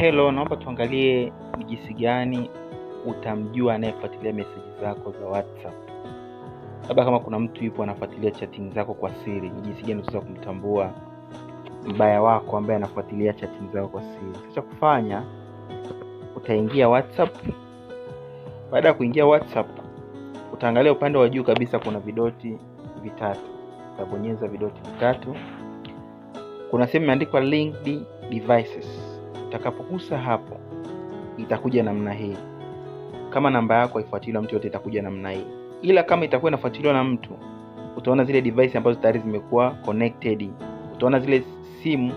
Hello, naomba tuangalie ni jinsi gani utamjua anayefuatilia meseji zako za WhatsApp. Labda kama kuna mtu yupo anafuatilia chatting zako kwa siri, ni jinsi gani unaweza kumtambua mbaya wako ambaye anafuatilia chatting zako kwa siri? Cha kufanya utaingia WhatsApp. Baada ya kuingia WhatsApp, utaangalia upande wa juu kabisa, kuna vidoti vitatu, utabonyeza vidoti vitatu. Kuna sehemu imeandikwa linked devices Utakapogusa hapo itakuja namna hii. Kama namba yako haifuatiliwa mtu yote, itakuja namna hii, ila kama itakuwa inafuatiliwa na mtu, utaona zile device ambazo tayari zimekuwa connected, utaona zile simu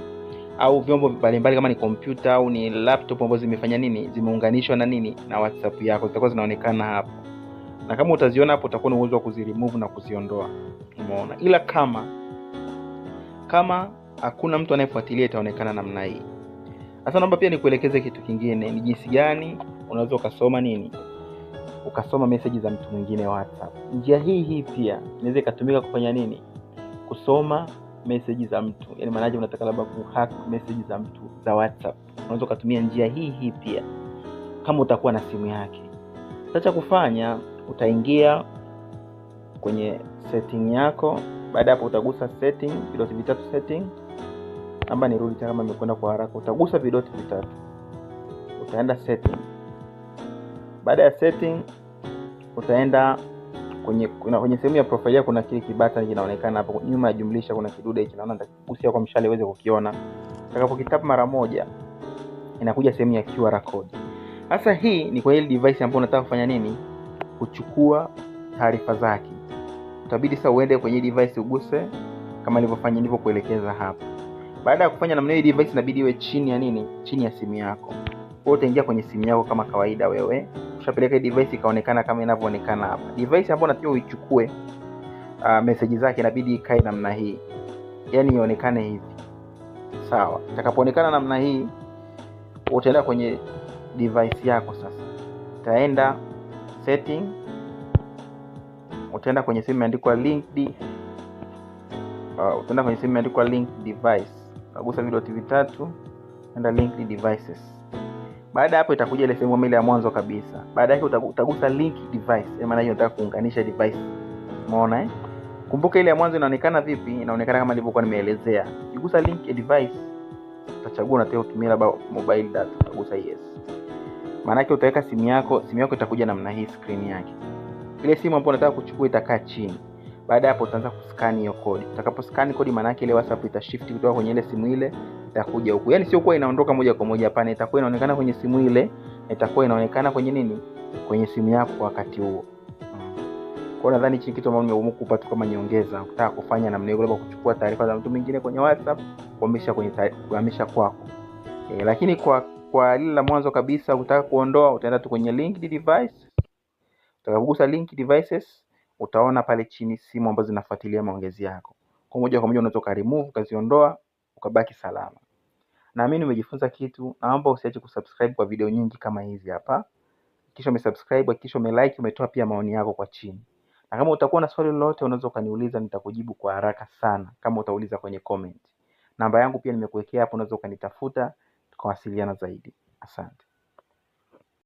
au vyombo mbalimbali kama ni kompyuta au ni laptop ambazo zimefanya nini, zimeunganishwa na nini na WhatsApp yako, zitakuwa zinaonekana hapo, na kama utaziona hapo, utakuwa na uwezo wa kuzirimove na kuziondoa. Umeona? Ila kama kama hakuna mtu anayefuatilia, itaonekana namna hii. Sasa naomba pia nikuelekeze kitu kingine, ni jinsi gani unaweza ukasoma nini, ukasoma message za mtu mwingine WhatsApp. Njia hii hii pia inaweza ikatumika kufanya nini, kusoma message za mtu. Yani maanaje, unataka labda kuhack message za mtu za WhatsApp, unaweza ukatumia njia hii hii pia kama utakuwa na simu yake. Sasa cha kufanya, utaingia kwenye setting yako. Baada hapo, utagusa setting, vidoti vitatu setting ama nirudi tena kama nimekwenda kwa haraka. Utagusa vidoti vitatu, utaenda setting. Baada ya setting, utaenda kwenye kuna, kwenye sehemu ya profile yako, kuna kile kibata kinaonekana hapo nyuma ya jumlisha, kuna kidude hicho naona nitakugusia kwa mshale uweze kukiona. Utakapokitap mara moja, inakuja sehemu ya QR code. Sasa hii ni kwa ile device ambayo unataka kufanya nini, kuchukua taarifa zake. Utabidi sasa uende kwenye device uguse kama nilivyofanya nilivyokuelekeza hapa. Baada ya kufanya namna hiyo, device inabidi iwe chini ya nini? Chini ya simu yako. Kwa utaingia kwenye simu yako kama kawaida wewe. Ushapeleka device ikaonekana kama inavyoonekana hapa. Device ambayo unatakiwa uichukue uh, message zake inabidi ikae namna hii. yani ionekane hivi. Sawa. Itakapoonekana namna hii, utaenda kwenye device yako sasa. Utaenda setting, utaenda kwenye simu imeandikwa linked uh, utaenda kwenye simu imeandikwa link device utagusa vidoti vitatu enda link devices baada hapo itakuja ile sehemu ile ya mwanzo kabisa baada yake utagusa link device maana hiyo nataka kuunganisha device umeona eh kumbuka ile ya mwanzo inaonekana vipi inaonekana kama nilivyokuwa nimeelezea ukigusa link a device utachagua unataka kutumia labda mobile data utagusa yes maana yake utaweka simu yako simu yako itakuja namna hii screen yake ile simu ambayo unataka kuchukua itakaa chini baada ya hapo utaanza kuskani hiyo kodi. Utakaposkani kodi, maana yake ile WhatsApp ita shift kutoka kwenye ile simu ile itakuja huku. Yaani sio kwa inaondoka moja kwa moja, hapana, itakuwa inaonekana kwenye simu ile, itakuwa inaonekana kwenye nini, kwenye simu yako wakati huo. Kwa hiyo nadhani hichi kitu ambacho nimeamua kukupa tu kama nyongeza, ukitaka kufanya namna hiyo, labda kuchukua taarifa za mtu mwingine kwenye WhatsApp kuhamisha kwenye kuhamisha kwako. E, lakini kwa kwa lile la mwanzo kabisa, ukitaka kuondoa utaenda tu kwenye link device, utakapogusa link devices utaona pale chini simu ambazo zinafuatilia maongezi yako. Kwa moja kwa moja unaweza ukaremove ukaziondoa ukabaki salama. Naamini umejifunza kitu. Naomba usiache kusubscribe kwa video nyingi kama hizi hapa. Kisha umesubscribe, kisha umelike, umetoa pia maoni yako kwa chini. Na kama utakuwa na swali lolote unaweza ukaniuliza, nitakujibu kwa haraka sana kama utauliza kwenye comment. Namba yangu pia nimekuwekea hapo, unaweza ukanitafuta tukawasiliana zaidi. Asante.